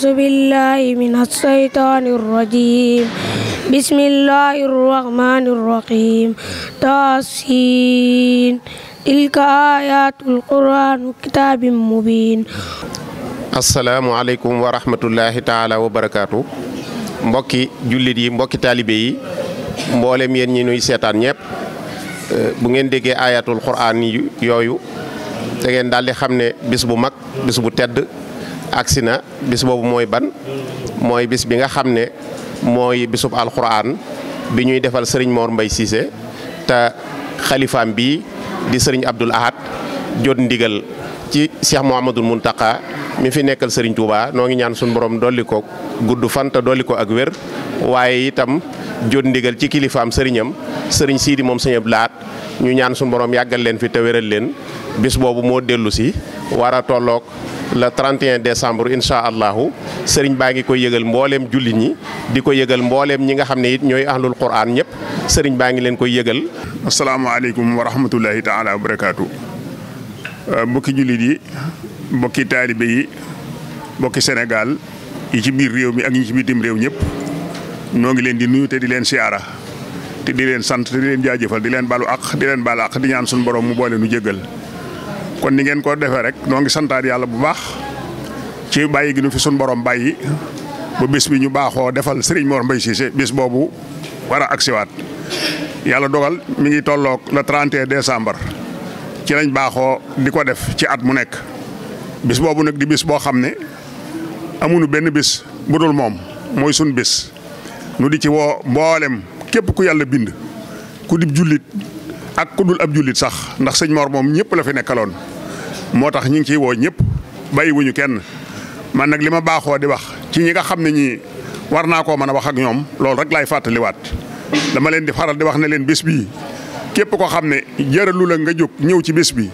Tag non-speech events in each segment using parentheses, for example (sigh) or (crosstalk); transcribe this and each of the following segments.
أعوذ بالله من الشيطان الرجيم بسم taala wa barakaatu mbokki jullit yi mbokki taalibe yi mboolem yéen ñi seetaan ñëpp euh, bu ngeen déggee ayatul quraan yooyu da ngeen daal di xam ne bis bu mag bis bu tedd agsi na bis boobu mooy ban mooy bis bi nga xam ne mooy bisub alxuraan bi ñuy defal sëriñ moor mbay Cissé te xalifaam bi di sëriñ Abdul Ahad jot ndigal ci amadul Mouhamadul Muntaka mi fi nekkal sëriñ Touba noo ngi ñaan suñu borom dolli ko gudd fan te dolli ko ak wér waaye itam jot ndigal ci kilifaam sëriñam sëriñ Sidi moom sëñ Abdul Ahad ñu ñaan suñu borom yàggal leen fi te wéral leen bis boobu moo dellu si war le 31 décembre incha allahu sëriñ baa ngi koy yëgal mbooleem jullit ñi di ko yëgal mbooleem ñi nga xam ne it ñooy ahlul quran ñëpp sëriñ baa ngi leen koy yëgal. asalaamaaleykum wa rahmatullahi taala wa barakaatu. Euh, mbokki jullit yi mbokki taalibe yi mbokki Sénégal yi ci biir réew mi ak ñi ci bitim réew ñëpp ñoo ngi leen di nuyu te di leen siyaara te di leen sant te di leen jaajëfal di leen balu ak di leen baal àq di ñaan suñu borom mu boole nu jéggal. kon ni ngeen ko defee rek noo ngi santaat yàlla bu baax ci bàyyi gi nu fi suñu borom bàyyi ba bis bi ñu baaxoo defal Serigne Mor Mbaye Cissé bis boobu war a agsiwaat yàlla dogal mi ngi tolloog le 31 décembre ci lañ baaxoo di ko def ci at mu nekk bis boobu nag di bis boo xam ne amuñu benn bis bu dul moom mooy suñu bis nu di ci woo mboolem képp ku yàlla bind ku di jullit ak ku dul ab jullit sax ndax sëñ Mor moom ñëpp la fi nekkaloon moo tax ñu ngi ciy woo ñëpp bàyyi wuñu kenn man nag li ma baaxoo di wax ci ñi nga xam ne ñi war naa koo mën a wax ak ñoom loolu rek laay fàttaliwaat dama leen di faral di wax ne leen bis bii képp koo xam ne jëralu la nga jóg ñëw ci bis bi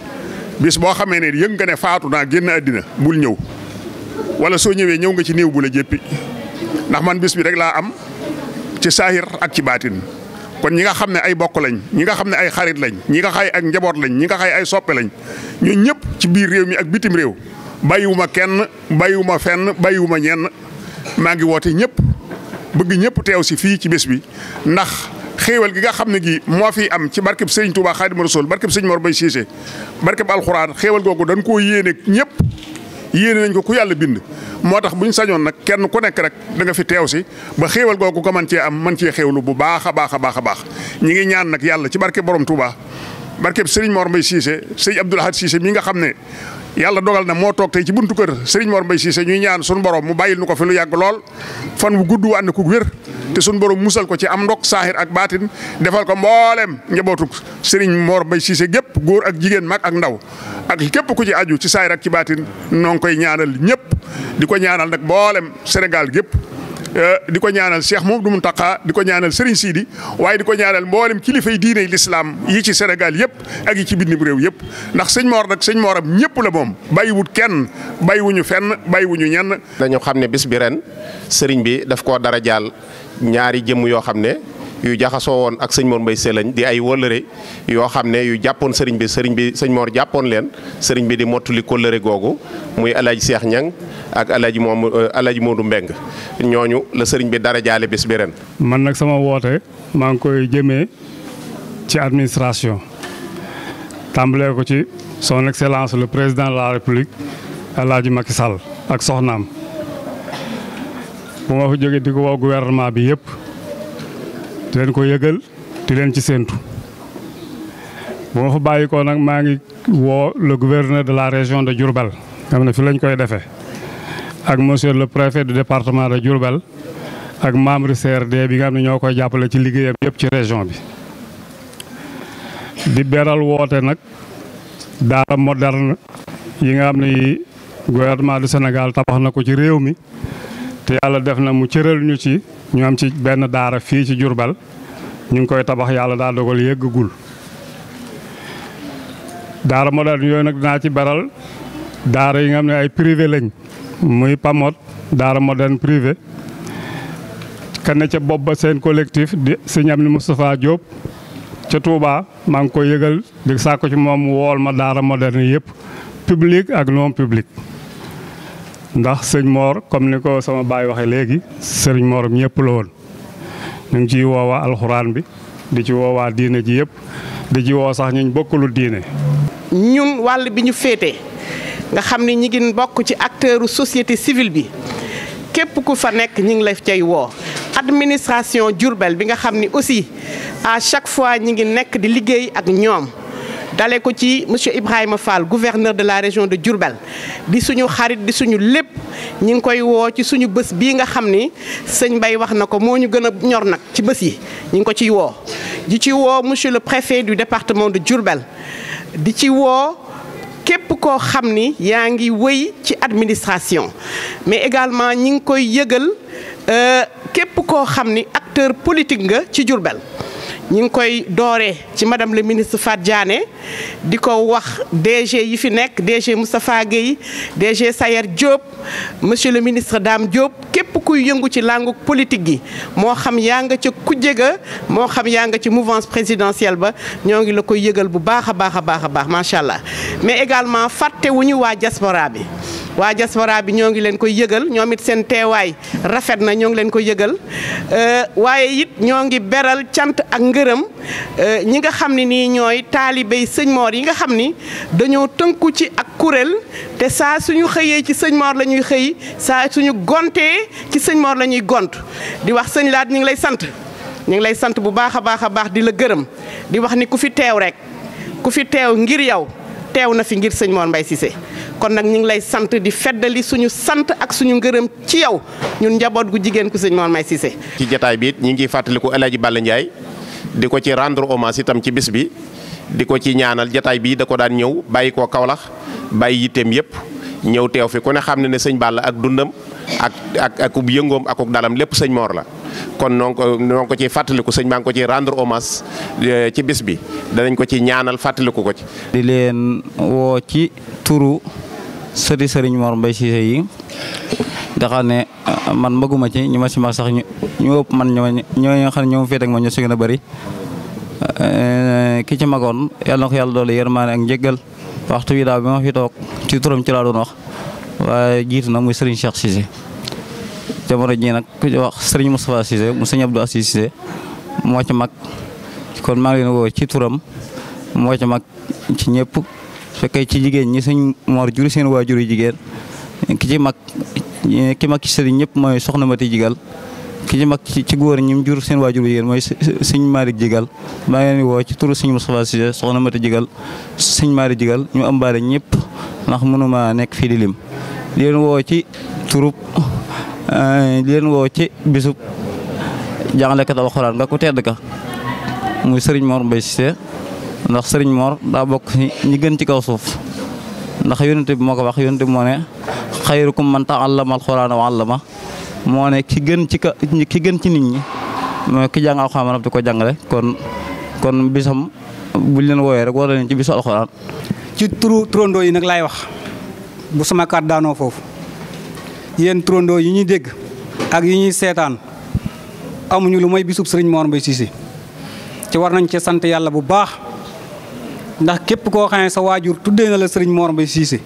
bis boo xamee ne yëng nga ne faatu naa génn àddina bul ñëw wala soo ñëwee ñëw nga ci niiw bu la jéppi ndax man bis bi rek laa am ci saahir ak ci baatin kon ñi nga xam ne ay bokk lañ ñi nga xam ne ay xarit lañ ñi nga xay ak njaboot lañ ñi nga xay ay soppe lañ ñun ñëpp ci biir réew mi ak bitim réew bàyyiwuma kenn bàyyiwuma fenn bàyyiwuma ñenn maa ngi woote ñëpp bëgg ñëpp teew si fii ci bés bi ndax xéewal gi nga xam ne gi moo fi am ci barkeb sëriñ Touba Xaadimu Rasuul barkeb sëriñ Mor Bay Siise barkeb alxuraan xéewal googu dañ koo yéene ñëpp yéene nañ ko ku yàlla bind moo tax bu ñu sañoon nag kenn ku nekk rek danga fi teew si ba xéewal googu ko man cee am man cee xéewlu bu baax a baax a baax a ñi ngi ñaan nag yàlla ci barke borom Touba barke Serigne Mor Mbaye Cissé Serigne Abdoul Ahad Cissé mi nga xam ne yàlla dogal na moo toog tey ci buntu kër Serigne Mor Mbaye Cissé ñuy ñaan sunu borom mu bàyyil nu ko fi lu yàgg lool fan bu gudd wu ànd ku wér te sunu borom musal ko ci am ndog saaxir ak baatin defal ko mboolem njabootu Serigne Mor Mbaye Cissé gépp góor ak jigéen mag ak ndaw ak képp ku ci aju ci saaxir ak ci baatin noo ngi koy ñaanal ñëpp di ko ñaanal nag mboolem Sénégal gépp Eh, di ko ñaanal Cheikh Mouhamadou Mountakha di ko ñaanal Serigne Sidi waaye di ko ñaanal mboolem kilifay diine lislaam yi ci Sénégal yëpp ak yi ci bitim réew yëpp ndax sëñ Mor nag sëñ Moram ñëpp la moom bàyyiwut kenn bàyyiwuñu fenn bàyyiwuñu ñenn. dañu xam ne bis bi ren sëriñ bi def koo dara jaal ñaari jëmm yoo xam ne yu jaxasoo woon ak sëñ Mor Mbay Selañ di ay wëllëre yoo xam ne yu jàppoon sëriñ bi sëriñ bi sëñ Mor jàppoon leen sëriñ bi di mottali kóllëre googu muy alaaji Seex Ñang ak alaaji moom Moodu Mbeng ñooñu la sëriñ bi dara jaale bis bi ren man nag sama woote maa ngi koy jëmee ci administration tàmbalee ko ci son excellence le président la république alaaji Macky sal ak soxnaam bu ma fa jógee di ko woo gouvernement bi yëpp di ko yëgal di leen ci séentu bu ma fa bàyyi ko nag maa ngi woo le gouverneur de la région de Diourbel xam ne fi lañ koy defee ak monsieur le préfet du département de Diourbel ak membre CRD bi nga xam ne ñoo koy jàppale ci liggéeyam yëpp ci région bi di beral woote nag daara moderne yi nga xam ne yi gouvernement du Sénégal tabax na ko ci réew mi te yàlla def na mu cëral ñu ci ñu am ci benn daara fii ci Jurbel ñu ngi koy tabax yàlla daa dogal yëggagul daara moderne yooyu nag dinaa ci beral daara yi nga xam ay privé lañ muy pamot daara moderne privé kan ne ca bopp ba seen collectif di sëñ am ni Moustapha Diop ca Touba maa ngi koy yëgal di sàkku ci moom wool ma daara moderne yëpp public ak non public ndax sëñ moor comme ni ko sama baay waxee léegi sëriñ Mor ñëpp la woon ñu ngi ciy woowaa alxuraan bi di ci woowaa diine ji yëpp di ci woo sax ñuñ bokkulu diine. ñun wàll bi ñu féete nga xam ni ñi ngi bokk ci acteuru société civile bi képp ku fa nekk ñi ngi la cay woo. administration Diourbel bi nga xam ni aussi à chaque fois ñi ngi nekk di liggéey ak ñoom. dale ko ci monsieur Ibrahima Fall gouverneur de la région de Diourbel di suñu xarit di suñu lépp ñi ngi koy woo ci suñu bës bii nga xam ni sëñ Mbaye wax na ko moo ñu gën a ñor nag ci bës yi ñi ngi ko ciy woo di ci woo monsieur le préfet du département de Diourbel di ci woo képp koo xam ni yaa ngi wëy ci administration mais également ñi ngi koy yëgal euh, képp koo xam ni acteur politique nga ci Diourbel ñu ngi koy dooree ci madam le ministre Fatou Diané di ko wax DG yi fi nekk DG Moustapha Guèye DG Sayer Diop monsieur le ministre daam jóob képp kuy yëngu ci langue politique gi moo xam yaa nga ca kujje ga moo xam yaa nga ci mouvance présidentielle ba ñoo ngi la koy yëgal bu baax a baax a baax a baax macha allah mais également fàtte wu ñu waa diaspora bi. waa diaspora bi ñoo ngi leen koy yëgal ñoom it seen teewaay rafet na ñoo ngi leen koy yëgal euh, waaye it ñoo ngi beral cant ak ngërëm euh, ñi nga xam ne nii ñooy taalibey sëñ Mor yi nga xam ni dañoo tënku ci ak kuréel te saa suñu xëyee ci sëñ Mor la ñuy xëy saa suñu gontee ci sëñ Mor la ñuy gont di wax sëñ Laat ñu ngi lay sant ñu ngi lay sant bu baax a baax a baax di la gërëm di wax ni ku fi teew rek ku fi teew ngir yow teew na fi ngir sëñ mbay si Cissé kon nag ñu ngi lay sant di feddali suñu sant ak suñu ngërëm ci yow ñun njaboot gu jigéen ku sëñ Mor May Cissé. ci jataay bi it ñu ngi fàttaliku El Hadj Balla Ndiaye di ko ci rendre hommage itam ci bis bi di ko ci ñaanal jataay bi da ko daan ñëw bàyyi ko Kaolack bàyyi yitteem yëpp ñëw teew fi ku ne xam ne ne sëñ Balla ak dundam ak ak akub yëngoom akub dalam lépp sëñ moor la. kon noo ngi ko ci ngi sëñ maa ngi ko ci rendre hommage eh, ci bis bi danañ ko ci ñaanal fàttaliku ko ci. di leen woo ci turu sëti sëriñ Mor Mbaye Cissé yi nga xam ne eh, man mbëgguma ci ñu ma si mag sax ñu ñu ëpp man ñoo ñoo xam ne ñoom féet ak ma ñoo si gën a bëri eh, ki ci magoon yàlla ko yàlla doole yërmaane ak njëggal waxtu wi daal bi ma fi toog ci turam ci laa doon wax waaye jiitu na muy sëriñ Cheikh Cissé. jamono ji nag ku ci wax sëriñ Moustapha Cissé mu sëriñ Abdou Assis Cissé moo ci mag kon maa ngi leen woo ci turam moo ci mag ci ñëpp fekkee ci jigéen ñi sëñ Mor juri seen waajur yu jigéen ki ci mag ki mag ci sëriñ ñëpp mooy soxna Mati Jigal ki ci mag ci góor ñi jur seen waajur yu jigéen mooy sëñ maari Jigal maa ngi leen woo ci turu sëñ Moustapha Cissé soxna Mati Jigal sëñ maari Jigal ñu ëmbaale ñëpp ndax mënuma nekk fii di lim leen woo ci turub Eh, di leen woo ci bisub jàngalekat alxuraan nga ku tedd ka muy Serigne Mor Mbaye Cissé ndax Serigne Mor daa bokk ci ñi gën ci kaw suuf ndax yonent bi moo ko wax yonent bi moo ne xayrukum man ta'allama alxuraan wa 'allama moo ne ki gën ci ki gën ci nit ñi mooy ki jàng alxuraan di ko jàngale kon kon bisam bu leen wooyee rek war na ci bisu alxuraan. ci turu turandoo yi nag laay wax bu sama kàddu daanoo foofu. yéen trondoo yi ñuy dégg ak yi ñuy seetaan amuñu lu may bisub sëriñ Mor Mbaye Cissé ci war nañ cee sant yàlla bu baax ndax képp koo xam sa waajur tuddee na la sëriñ Mor Mbaye Cissé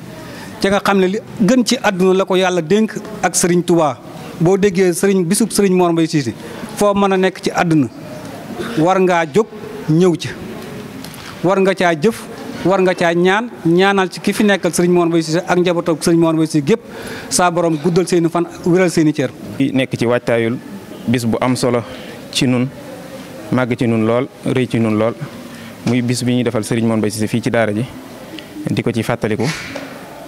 ca nga xam ne li gën ci àdduna la ko yàlla dénk ak sëriñ Touba boo déggee sëriñ bisub sëriñ Mor bay Cissé foo mën a nekk ci àdduna war ngaa jóg ñëw ci war nga caa jëf war nga caa ñaan ñaanal ci ki fi nekkal sëriñ Mor si Cissé ak njabootam sëriñ Mor si Cissé gépp saa borom guddal seen fan wéral seeni i cër. nekk ci waajtaayul bis bu am solo ci nun màgg ci nun lool rëy ci nun lool muy bis bi ñuy defal sëriñ Mor Mbaye Cissé fii ci daara ji di ko ci fàttaliku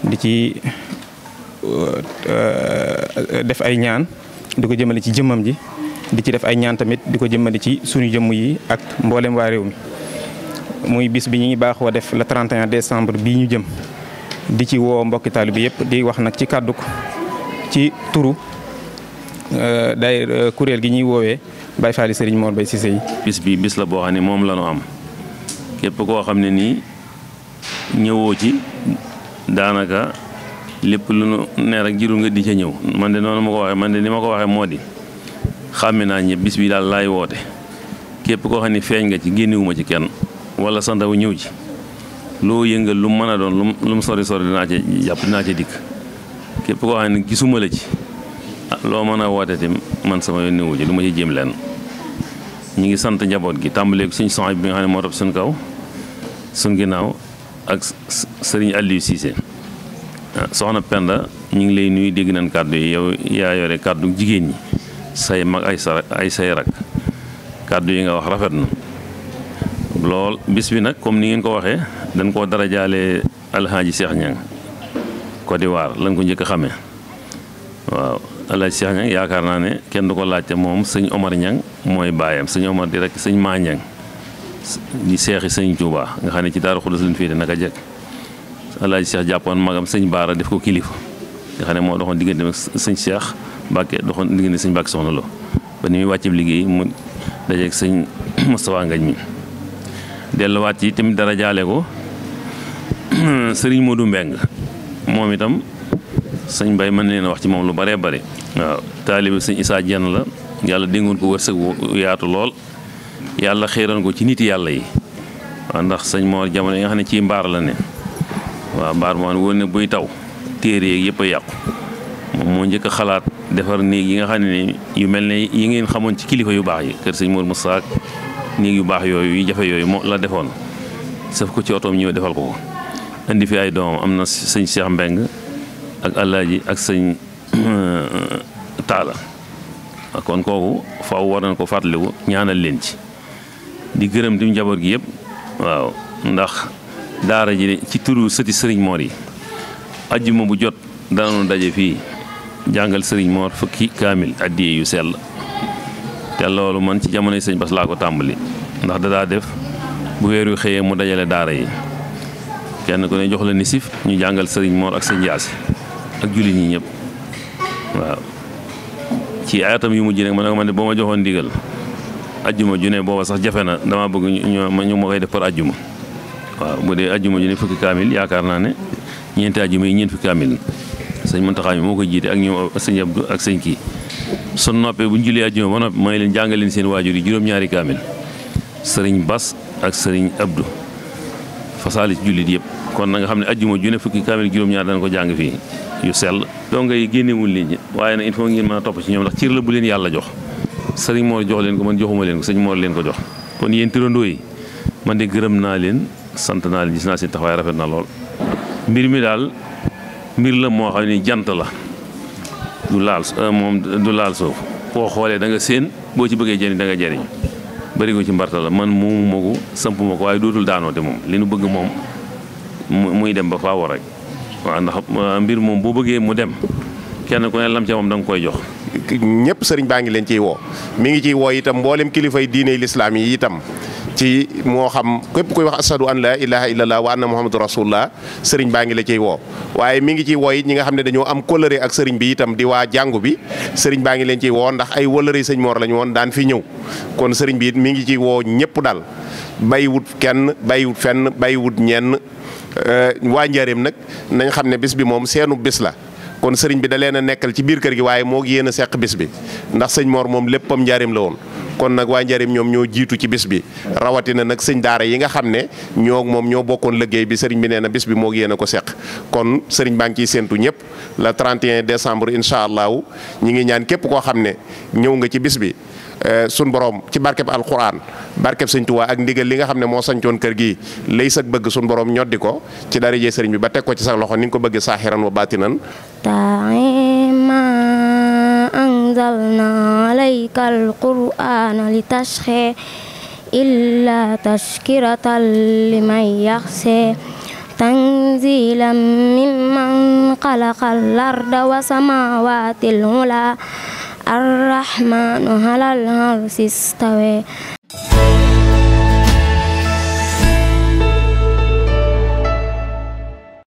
di ci euh, def ay ñaan di ko jëmale ci jëmmam ji di ci def ay ñaan tamit di ko jëmale ci suñu jëmm yi ak mboolem waa réew mi. muy bis bi ñu ñuy baaxoo def la le 31 décembre bii ñu jëm di ci woo mbokki taalibe bi yëpp di wax nag ci kàdduk ci turu euh, day euh, kuréel gi ñuy woowee Baye Fall Serigne Mor Mbaye Cissé yi. bis bis la boo xam ne moom la ñu am képp koo xam ne nii ñëwoo ci daanaka lépp lu nu ne rek jirul nga di ca ñëw man de noonu ma ko waxee man de ni ma ko waxee moo di xàmme naa ñëpp bis bi daal laay woote képp koo xam ne feeñ nga ci génnewuma ci kenn. wala sa ndaw ñëw ji loo yëngal lu mën a doon lu lu mu sori sori dinaa ci jàpp dinaa ci dikk képp koo xam ne gisuma la ci ah loo mën a woote te man sama yoon ñëw ji lu ma ci jéem leen ñu ngi sant njaboot gi tàmbalee suñ suñu bi nga xam ne moo topp suñu kaw suñu ginnaaw ak sëriñ Aliou Cissé ah, soxna Penda ñu ngi lay nuyu dégg nañ kàddu yi yow yaa yore kàddu jigéen ñi say mag ay say rak kàddu yi nga wax rafet na. lool bis bi nag comme ni ngeen ko waxee dañ koo dara jaale alxaaji Cheikh Niang Côte d'Ivoire lañ ko njëkk a xamee waaw alxaaji Cheikh Niang yaakaar naa ne kenn du ko laajte moom sëñ Omar Niang mooy baayam sëñ Omar di rek sëñ Ma Niang di seexi sëñ Touba nga xam ne ci Daaru Xudoos lañ féete naka jekk alxaaji Cheikh jàppoon magam sëñ Baara def ko kilifa nga xam ne moo doxoon diggante ak sëñ Cheikh Mbàkke doxoon diggante sëñ Mbàkke soxna Lo ba ni muy wàcceeb liggéey mu dajeeg sëñ Moustapha delluwaat ci tamit dara jaale ko sëriñ (clears throat) Modou Mbeng moom itam sëñ Mbay mën leen a wax ci moom lu bare bare waaw taalibe sëñ Isaa jan la yàlla déngoon ko wërsëg wu yaatu lool yàlla xéeroon ko ci nit yàlla yi waaw ndax sëñ Moor jamono yi nga xam ne ci mbaar la ne waaw mbaar moo ne buy taw téere yeeg yëpp yàqu moom moo njëkk xalaat defar néeg yi nga xam ne yu mel ne yi ngeen xamoon ci kilifa yu baax yi kër sëñ Moor Musaa néeg yu baax yooyu yu jafe yooyu moo la defoon sëf ko ci otoom ñëw defal ko ko indi fi ay doomam am na sëñ seex Mbeng ak Alaaji ak sëñ (clears throat) Taala kon kooku faaw war nañ ko fàttaliku ñaanal leen ci di gërëm di njaboot gi yëpp waaw ndax daara ji ci turu sëti sëriñ moor yi ajjuma bu jot daanoon daje fii jàngal sëriñ moor fukki kaamil addiyee yu sell te loolu man ci jamono sëñ Bass laa ko tàmbali ndax dadaa def bu weer yu xëyee mu dajale daara yi kenn ku ne jox la nisif ñu jàngal sëriñ Mor ak sëñ Yaasi ak jullit ñi ñëpp waaw ci ayatam yu mujj nag man man boo ma joxoon ndigal ajjuma ju ne booba sax jafe na damaa bëgg ñu ñu ma koy def par ajjuma waaw bu dee ajjuma ju ne fukki kaamil yaakaar naa ne ñeenti ajjuma yi ñeent fukki kaamil sëñ Muntaxa mi moo koy jiite ak ñoom sëñ ak sëñ kii su noppee bu ñu jullee àjjuma ba noppi mooy leen jàngaleen seen waajur yi juróom-ñaari kaamil sëriñ Bas ak sëriñ Abdou fasaali ci jullit yëpp kon na nga xam ne àjjuma ju ne fukki kaamil juróom-ñaar dana ko jàng fii yu sell. donga yi génnewul nit ñi waaye nag il faut ngeen a topp ci ñoom ndax ci la bu leen yàlla jox sëriñ moo jox leen ko man joxuma leen ko sëñ moo leen ko jox kon yéen tirandoo yi man de gërëm naa leen sant naa leen gis naa seen taxawaay rafet na lool mbir mi daal mbir la moo jant la du laal euh, moom du laal suuf boo xoolee da nga séen boo ci bëggee jëriñ da nga jëriñ bërigo ci mbarta la man mu ma ko samp ko waaye dootul daanoote moom li nu bëgg moom muy dem ba faaw rek waaw ndax euh, mbir moom boo bëggee mu dem kenn ku ne lam ca moom da nga koy jox. ñëpp sëriñ baa ngi leen ciy woo mu ngi ciy woo itam mboolem kilifa yi diine lislaam yi itam. ci moo xam képp koy wax asadu an la ilaha illallah wa anna muhammadu rasulullah sëriñ baa ngi la ciy woo waaye mi ngi ciy woo it ñi nga xam ne dañoo am kóllëre ak sëriñ bi itam di waa jàngu bi sëriñ baa ngi leen ciy woo ndax ay wóllëre sëñ moor lañu woon daan fi ñëw kon sëriñ bi it mi ngi ciy woo ñëpp daal bàyyiwut kenn bàyyiwut fenn bàyyiwut ñenn waa njaareem nag nañ xam ne bis bi moom seenu bis la kon sëriñ bi da leen a nekkal ci biir kër gi waaye moo yéen a seq bis bi ndax sëñ moor moom léppam njaareem la woon kon nag waa Njaareem ñoom ñoo jiitu ci bis bi rawatina nag sëñ daara yi nga xam ne ñoo moom ñoo bokkoon liggéey bi sëriñ bi nee na bis bi moo yéen a ko seq kon sëriñ baa ngi ciy séentu ñëpp le 31 décembre incha allahu ñi ngi ñaan képp koo xam ne ñëw nga ci bis bi euh, sun borom ci barkeb alquran barkeb sëñ Tuubaa ak ndigal li nga xam ne moo sañcoon kër gi lay sag bëgg sun borom ñoddi ko ci dara darajee sëriñ bi ba teg ko ci sa loxo ni nga ko bëgg saaxiran wa baatinan أنزلنا عليك القرآن لتشخى إلا تشكرة لمن يخشى تنزيلا ممن خلق الأرض وسماوات العلى الرحمن على العرش استوى